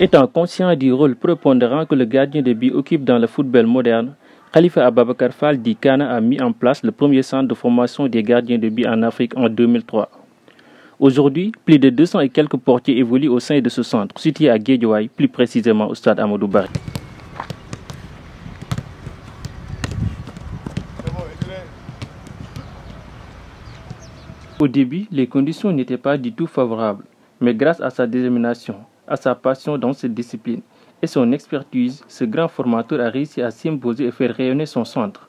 Étant conscient du rôle prépondérant que le gardien de but occupe dans le football moderne, Khalifa Ababakar Fall Di a mis en place le premier centre de formation des gardiens de but en Afrique en 2003. Aujourd'hui, plus de 200 et quelques portiers évoluent au sein de ce centre, situé à Guédiouaï, plus précisément au stade Amadou Barry. Au début, les conditions n'étaient pas du tout favorables, mais grâce à sa détermination, à sa passion dans cette discipline et son expertise, ce grand formateur a réussi à s'imposer et faire rayonner son centre.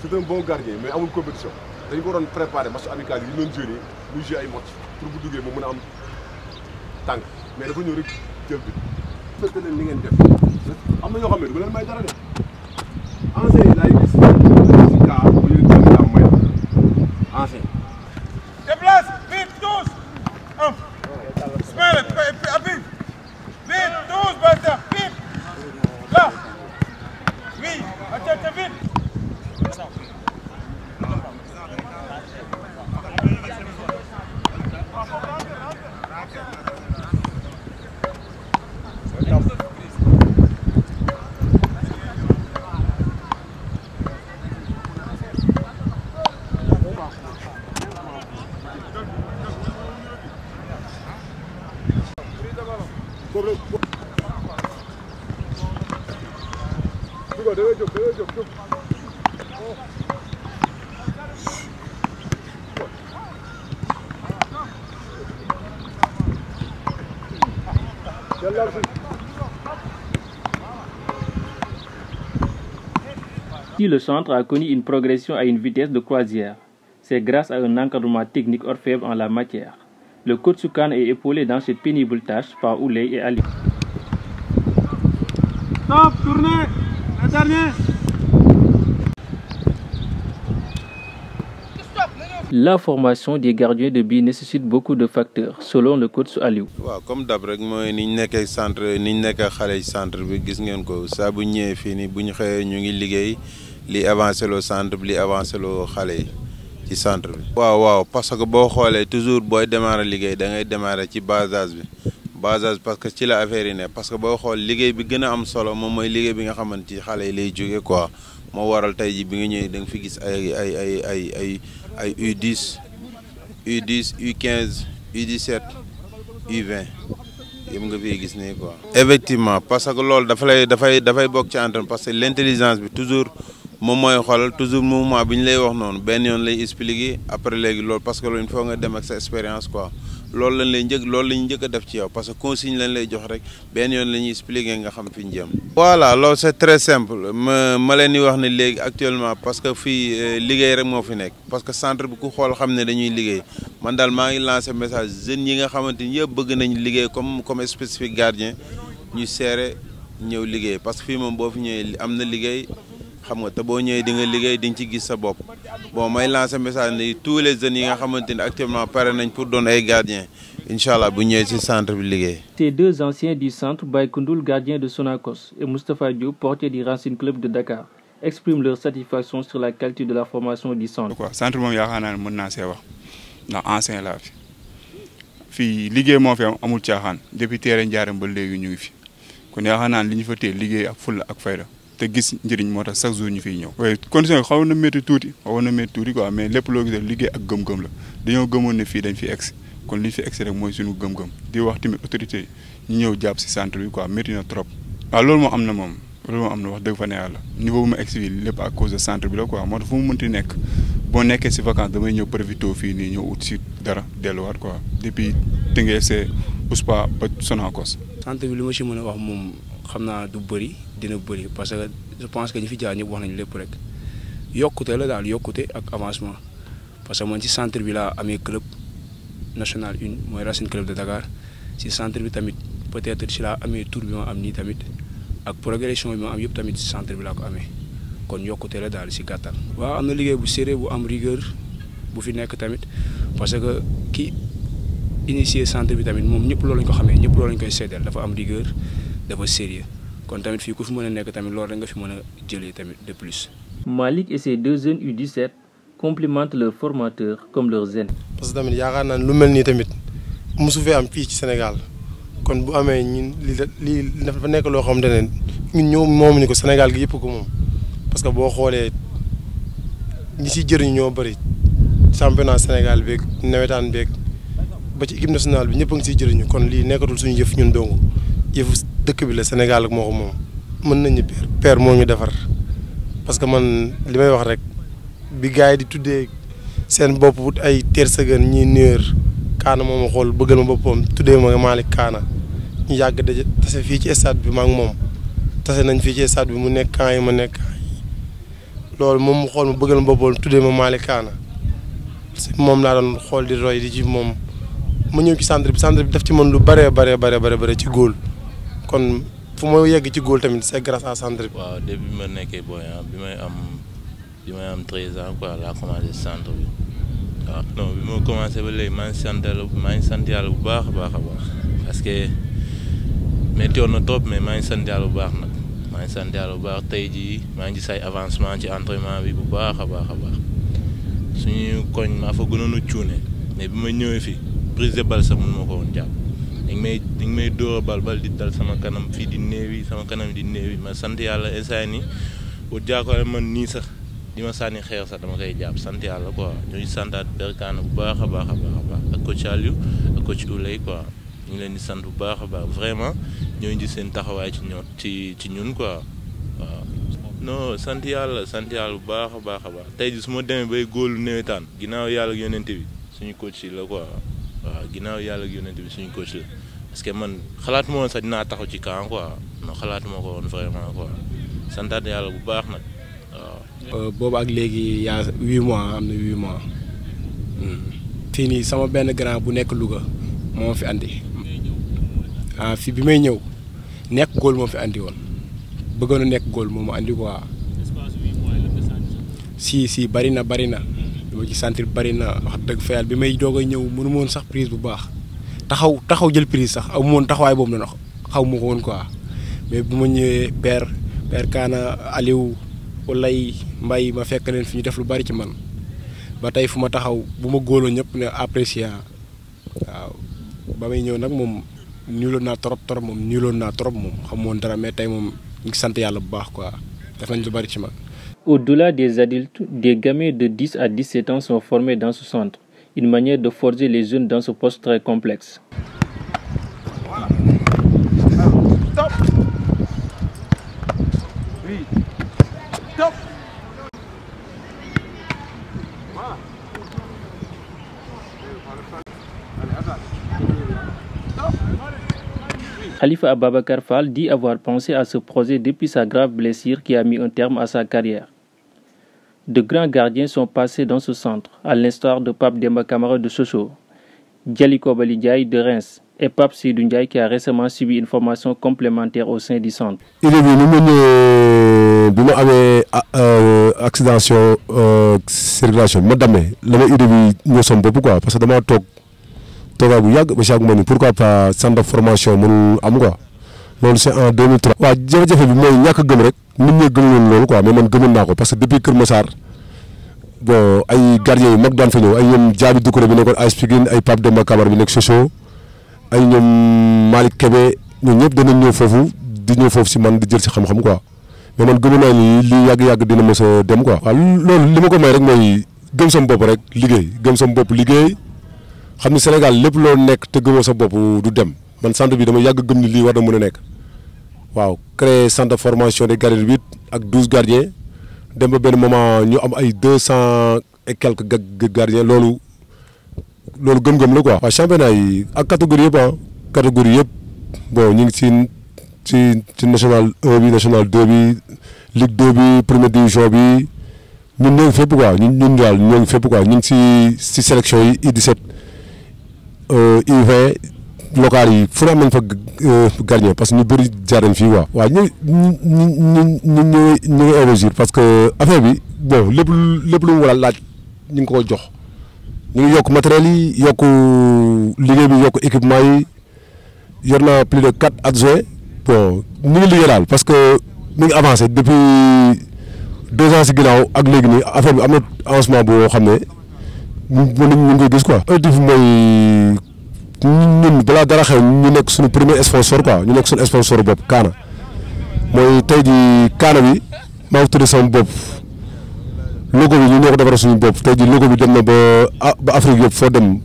c'est un bon gardien mais amul compétition dañu ko doon préparé match amical yi doon joué nii muy joué ay match pour bu duggee mu a am tànk mais dafa ñëw rek jël bi fekk leen li ngeen def am na ñoo xam ne du leen may dara de anciens yi laay gis Si le centre a connu une progression à une vitesse de croisière, c'est grâce à un encadrement technique hors faible en la matière. Le Kotsukan est épaulé dans cette pénible tâche par Oulé et Ali. Stop, tournez La dernière La formation des gardiens de billes nécessite beaucoup de facteurs, selon le coach Aliou. comme dab rek sommes ni ñu centre ni ñu nekkee centre bi gis ngeen ko saa bu ñëwee fii nii bu ñu centre bi li avancé ci centre bi. waaw waaw parce que boo xoolee toujours booy démarrer liggéey da ngay démarrer ci basage bi basage parce que ci la affaire yi ne parce que booy xool liggéey bi gën a am solo moom mooy liggéey bi nga xamante ci xale yi lay jóge quoi moo waral tey ji bi nga ñëwee da nga fi gis ay ay ay ay ay ay U10 U10 U15 U17 U20. yëpp nga fiy gis nii quoi. effectivement parce que loolu dafa lay dafay dafay bokk ci entraînement parce que l' intelligence bi toujours moom mooy xoolal toujours mouvement bi ñu lay wax noonu benn yoon lay expliquer après léegi loolu parce que loolu il faut nga dem ak sa expérience quoi loolu lañ lay njëkk loolu la ñu njëkk def ci yow parce que consigne lañ jox rek benn yoon la ñuy expliquer nga xam fi ñu jëm. voilà loolu c'est très simple ma ma leen di wax ne léegi actuellement parce que fii euh, liggéey rek moo fi nekk parce que centre bi ku xool xam ne dañuy liggéey man daal maa ngi lancer message jeunes yi nga xamante ni yëpp bëgg nañ liggéey comme comme spécifique gardien ñu seere ñëw liggéey parce que fii moom boo fi ñëwee am na liggéey. xam nga te boo ñëwee di nga liggéey di nga ci gis sa bop bon may lancer message ni tous les jeunes yi nga xamante ni actuellement paré nañ pour doon ay gardien inshallah bu ñëwé ci centre bi liggéey. té deux anciens du centre Baykundul gardien de Sonacos et Moustapha Diop portier du Racing Club de Dakar expriment leur satisfaction sur la qualité de la formation du centre. quoi centre mom yaakaar naa ne mën naa see wax ndax ancien laa fi fi liggéey mo fi am amul caaxaan depuis terrain jaaram ba légui ñu ngi fi kon yaakaar naa fa té liggéey ak fulla ak fayda. te gis njëriñ moo tax chaque jour ñu fiy ñëw waaye condition yi xaw na métti tuuti xaw na métti tuuti quoi mais lépp loo gisee liggéey ak gëm-gëm la dañoo gëmoon ne fii dañ fi egsi kon li ñu fi egsi rek mooy suñu gëm-gëm di wax tamit autorité ñu ñëw jàpp si centre bi quoi métti na trop waaw loolu moo am na moom am na wax dëgg fa ne yàlla niveau bu ma egsi fii lépp à cause de centre bi la quoi moo tax fu mu mënti nekk boo nekkee si vacance damay ñëw profité fii nii ñëw ut si dara delluwaat quoi depuis Tëngéej see Ouspa ba Sonacos centre bi li ma si mën a wax moom xam naa du bëri dina bëri parce que je pense que ñu fi jaar ñëpp wax nañu lépp rek yokkute la daal yokkute ak avancement parce que man ci centre bi laa amee club national une mooy Racine club de dagar ci centre bi tamit peut-être ci laa amee tour bi ma am nii tamit ak progression bi ma am yëpp tamit centre bi laa ko amee kon yokkute la daal si gàttal. waaw am na liggéey bu sérieux bu am rigueur bu fi nekk tamit parce que ki initié centre bi tamit moom ñëpp loolu lañ ko xamee ñëpp loolu koy seddeel dafa am rigueur. dafa sérieux kon tamit fii ku fi mën a nekk tamit loolu rek nga fi mën a jëlee tamit de plus. malik et ses deux jeunes U17 complimentent leurs formateur comme leur aînés. parce que tamit yaakaar naa lu mel nii tamit mosu fee am fii ci Sénégal kon bu amee ñun li dafa nekk loo xam ne ñun ñoo moomuñu ko Sénégal gi yëpp ko moom parce que boo xoolee ñi ci jëriñ ñoo bëri championnat Sénégal beeg nawetaan beeg ba ci équipe nationale bi ñëpp a ngi ciy jëriñu kon lii nekkatul suñu yëf ñun dong yëfu. dëkk bi la Sénégal moo ko moom mën nañu père père moo ñu defar parce que man li may wax rek bi gars yi di tuddee seen bopp ay teer sëgën ñi néer kaana moom mu xool bëggal ma boppam tuddee ma Malick Kaana ñu fii ci stade bi ma moom tase nañ fii ci stade bi mu nekk camp yi ma nekk loolu moom mu xool ma bëggal ma tuddee ma Malick Kaana moom laa doon xool di roy di ci moom ma ñëw ci centre bi centre bi daf ci mën lu bëree bare bare bare bare ci góol kon fu ma yegg ci góol tamit c'est grâce à centre bi. waaw depuis ma nekkee booy ah, bi may am bi may am treize ans quoi laa commencé centre bi waaw ah, non bi ma commencé ba léegi maa ngi sant maa ngi sant bu baax a baax a baax parce que métti na trop mais maa ngi sant bu baax nag maa ngi sant yàlla bu baax tey jii maa ngi gis avancement ci entraînement bi bu baax a baax a baax suñu koñ maa fa gënoon a cuune mais bi ma ñëwee fii prise de balle mun ma ko jàpp. dañ may dañ may dóor a bal bal di dal sama kanam fii di néewi sama kanam di néewi ma sant yàlla instant nii bu man nii sax di ma sànni xeer sax dama koy jàpp sant yàlla quoi santaat Berkane bu baax a baax a baax a baax ak coach Aliou ak coach Oulay quoi ngi leen di sant bu baax a baax vraiment ñoo ngi seen taxawaay ci ñoom ci ci ñun quoi waaw. non sant yàlla bu baax a baax a baax tey suma demee bay góolu nawetaan ginnaaw yàlla ak yonente bi suñu coach yi la ko waaw ginnaaw yàlla ak yonent bi suñu coach parce que man xalaat moo woon sax dinaa taxaw ci camp quoi non xalaat moo ko woon vraiment quoi yàlla bu baax nag waaw. Euh, boobu ak léegi yaa huit mois am na huit mois. Hmm. fii nii sama benn grand bu nekk Louga moo fi andi. ah fii bi may ñëw nekk góol moo fi andi woon bëggoon na nekk góol moo ma andi quoi. si si bari na bari na. moo ci sentir bari na wax dëgg fa bi may doog a ñëw mënu moon sax prise bu baax taxaw taxaw jël prise sax amu moon taxawaay boobu noonu xaw ma ko woon quoi mais bu ma ñëwee père père Kaana Aliou Olay Mbaye ma fekk leen fi ñu def lu bari ci man ba tey fu ma taxaw bu ma góoloo ñëpp ne apprécié waaw ba may ñëw nag moom ñuuloon naa trop trop moom ñuuloon naa trop moom xamoon dara mais tey moom ñu sant yàlla bu baax quoi def nañ lu bari ci man. Au-delà des adultes, des gamins de 10 à 17 ans sont formés dans ce centre, une manière de forger les jeunes dans ce poste très complexe. Khalifa Ababakar Fall dit avoir pensé à ce projet depuis sa grave blessure qui a mis un terme à sa carrière. De grands gardiens sont passés dans ce centre, à l'instar de Pape Demba Kamara de Sochaux, Djaliko Balidjaï de Reims et Pape Sidunjaï qui a récemment subi une formation complémentaire au sein du centre. Il est venu mener euh, euh, bi accident sur euh, la circulation ma demee la ma idée bi ñoo parce que nous avons eu bu pourquoi pas centre de formation mënul am quoi c'est en 2003. waaw jafe-jafe bi mooy ñàkk gëm nit ñi gëmuloon loolu quoi mais man gëmoon naa ko parce que depuis Kër Massar bon ay gardien yu mag daan fa ñëw ay ñoom Diaby Doucouré bi nekkoon AS Pikine ay Pape Demba Kamara bi nekk Sochaux ay ñoom Malick Kébé ñoom ñëpp danañ ñëw foofu di ñëw foofu si man di jël si xam-xam quoi mais man gëmu naa ni lii yàgg-yàgg dina mës a dem ko waaw loolu li ma ko may rek mooy gëm sam bopp rek liggéey gëm sam bopp liggéey xam ni Sénégal lépp loolu nekk te gëmoo sa bopp du dem man centre bi dama yàgg gëm ni lii war na mën a nekk. waaw créé centre de formation des gardiens 8 ak 12 gardiens dem ba benn moment ñu am ay 200 et quelques gardiens loolu loolu gëm-gëm la quoi. waaw championnat yi ak catégorie yëpp ah catégorie yëpp bon ñu ngi ci ci ci national 1 bi national 2 bi ligue 2 bi première division bi ñun ñoo ngi fépp quoi ñun ñun daal ñoo ngi fépp quoi ñu ngi ci ci sélection yi U17 i 20 local yi fu ne am nañ fa euh, gardien parce que ñu bëri jaar nañ fii waaw. waaw ñu ñu ñu ñu ñu ñu investir parce que affaire bi bon lépp lépp lu mu war a laaj ñu ngi ko jox ñu ngi yokk matériel yi yokk liggéey bi yokk équipement yi yor naa plus de quatre adjoints bon ñu ngi liggéey daal parce que ñu ngi avancé depuis deux ans si ginnaaw ak léegi nii affaire bi am na avancement boo xam ne ñu mën nañu ñu ngi koy gis quoi. objectif mooy. ñun balaa dara xew ñu nekk suñu premier sponsor quoi ñu nekk suñu sponsor bopp Kaana mooy tey jii Kaana bi maa ngi tudd sama bopp logo bi ñu ñoo ko defaral suñu bopp tey jii logo bi dem na ba ba Afrique yëpp foo dem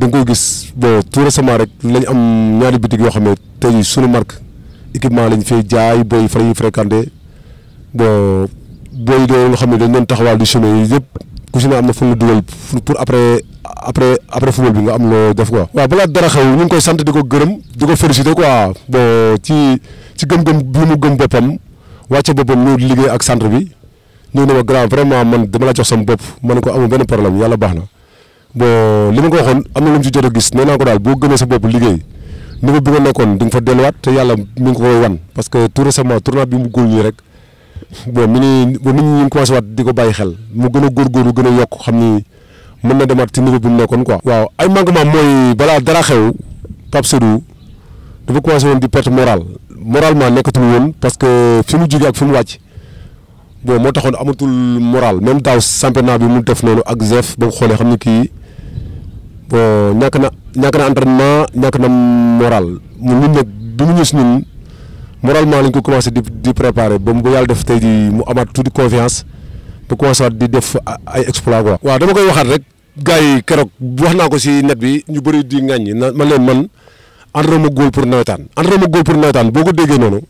da koy gis bon tout rek lañ am ñaari bitig yoo xam ne tey suñu marque équipement lañ fay jaay booy fay fréquenté bon booy doon xam ne dañ doon taxawal du chemin yi yëpp. ku ci ne am na fu mu dugal pour après après après football bi nga am loo def quoi. waaw balaa dara xew ñu ngi koy sant di ko gërëm di ko féliciter quoi bon ci ci gëm-gëm bi mu gëm boppam wàcce boppam ñu liggéey ak centre bi ñu ne ma grand vraiment man dama la jox sama bopp ma ne ko amul benn problème yàlla baax na bon li ma ko waxoon am na lu mu ci jot a gis nee ko daal boo gëmee sa bopp liggéey niveau bi nga nekkoon di nga fa delluwaat te yàlla mi ngi ko wan parce que tout récemment tournoi bi mu góol ñii rek. bon mi ni ba nit ñi ñu ngi commencé waat di ko bàyyi xel mu gën a góorgóorlu gën a yokk xam ni mën na demaat ci niveau bi mu nekkoon quoi. waaw ay manquement mooy balaa dara xew Pape Sédou dafa commencé woon di perte morale moralement nekkatul woon parce que fi mu jóge ak fi mu wàcc bon moo taxoon amatul morale même daaw championnat bi mu def noonu ak ZEF ba nga xoolee xam ni kii bon ñàkk na ñàkk na entraînement ñàkk na morale mu ñun nag bi mu ñës ñun. moralement lañ ko commencé di di préparer bam mu ko yàlla def tay di mu amat tuuti confiance ba commencé di def ay exploit quoi. wa dama koy waxat rek gaay yi keroog wax naa ko si net bi ñu bari di ngagne ma leen man mo góol pour nawetaan mo góol pour nawetaan boko déggé nonu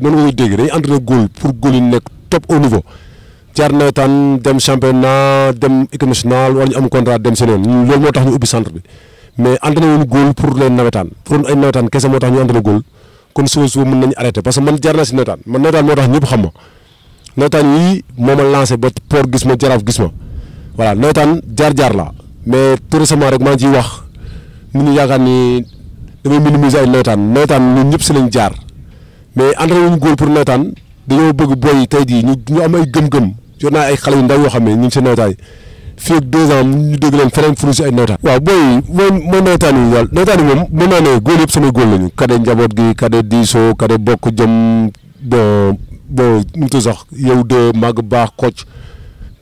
man noonu nga koy déggee dañuy pour góol yi nek top au niveau jar nawetaan dem championnat dem équipe nationale wala am contrat dem senen lool motax ñu ubi centre bi mais entraîné wuñu góol pour leen nawetaan pour ay nawetaan kese motax ñu entraîné góol. kon suba suba mën nañu arrêté parce que man jar naa si nawetaan man nawetaan moo tax ñëpp xam ma nawetaan yii moo ma lancé ba port gis ma jaraaf gis ma voilà nawetaan jaar-jaar la mais tout récemment rek maa ngi ciy wax nit ñi yaakaar ni damay minimiser ay nawetaan nawetaan ñun ñëpp si lañ jaar mais entraîné ñu góol pour nawetaan dañoo bëgg boy tey jii ñu ñu am ay gëm-gëm yor naa ay xale yu ndaw yoo xam ne ñu ngi si nawetaay fii ak deux ans ñu dégg leen feneen fu si ay nawtaan waaw booy yi mooy nawtaan yi moom mën naa ne góor yëpp samay góor lañu kade njaboot gi kade diisoo kade bokk jëm bon bon nu mu tudd sax yow de màgg baax koc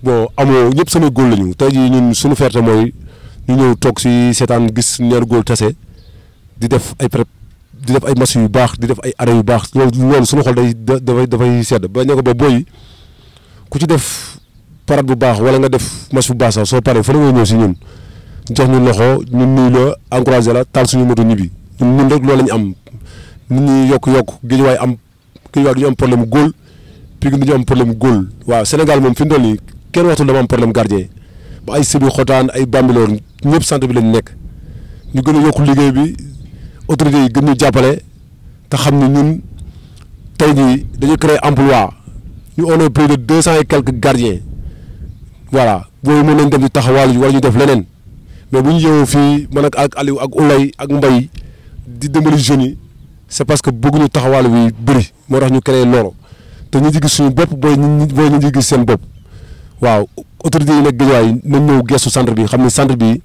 bon amoo ñëpp samay góor lañu tey jii ñun suñu ferte mooy ñu ñëw toog si seetaan gis ñaar góor tase di def ay prep di def ay match yu baax di def ay arrêt yu baax loolu loolu suñu xol day dafay dafay sedd ba ne ko ba booy ku ci def parat bu baax wala nga def match bu baax sax soo paree fa la ngay ñëw si ñun jox ñu loxo ñun nuyu la encouragé la taal suñu moto ñibbi ñun ñun rek loolu la ñu am nit ñi yokk yokk Guédiawaye am Guédiawaye du ñu am problème mu góol Pikine du ñu am problème góol waaw Sénégal moom fi mu toll nii kenn waxtu dama am problème gardien ba ay Sëbi xotaan ay Bambilor ñëpp sant bi lañ nekk ñu gën a yokk liggéey bi autorités yi gën ñu jàppale te xam ni ñun tey jii dañu créer emploi ñu on a plus de deux cent et quelques gardiens. voilà boobu mën nañ dem di taxawaal wala ñu def leneen mais bu ñu ñëwee fii man ak Aliou ak Oulay ak Mbaye di dimbali jeunes yi c'est parce que bëgguñu taxawaal bi bëri moo tax ñu créé loolu te ñu ngi gis suñu bopp booy ñu booy ñu ngi gis seen bopp waaw autorité yi nag Guédiawaye nañ ñëw gestu centre bi xam ne centre bi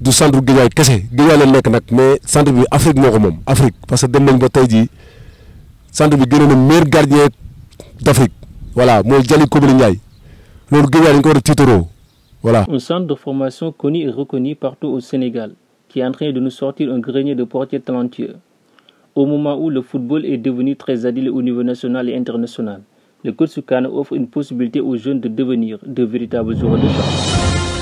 du centre Guédiawaye kese Guédiawaye leen nekk nag mais centre bi Afrique moo ko moom Afrique parce que dem nañ ba tey jii centre bi gën a meilleur gardien d'Afrique voilà mooy Jali Kobali Ndiaye un centre de formation connu et reconnu partout au Sénégal qui est en train de nous sortir un grenier de portiers talentueux. Au moment où le football est devenu très adile au niveau national et international, le côte offre une possibilité aux jeunes de devenir de véritables joueurs de champ.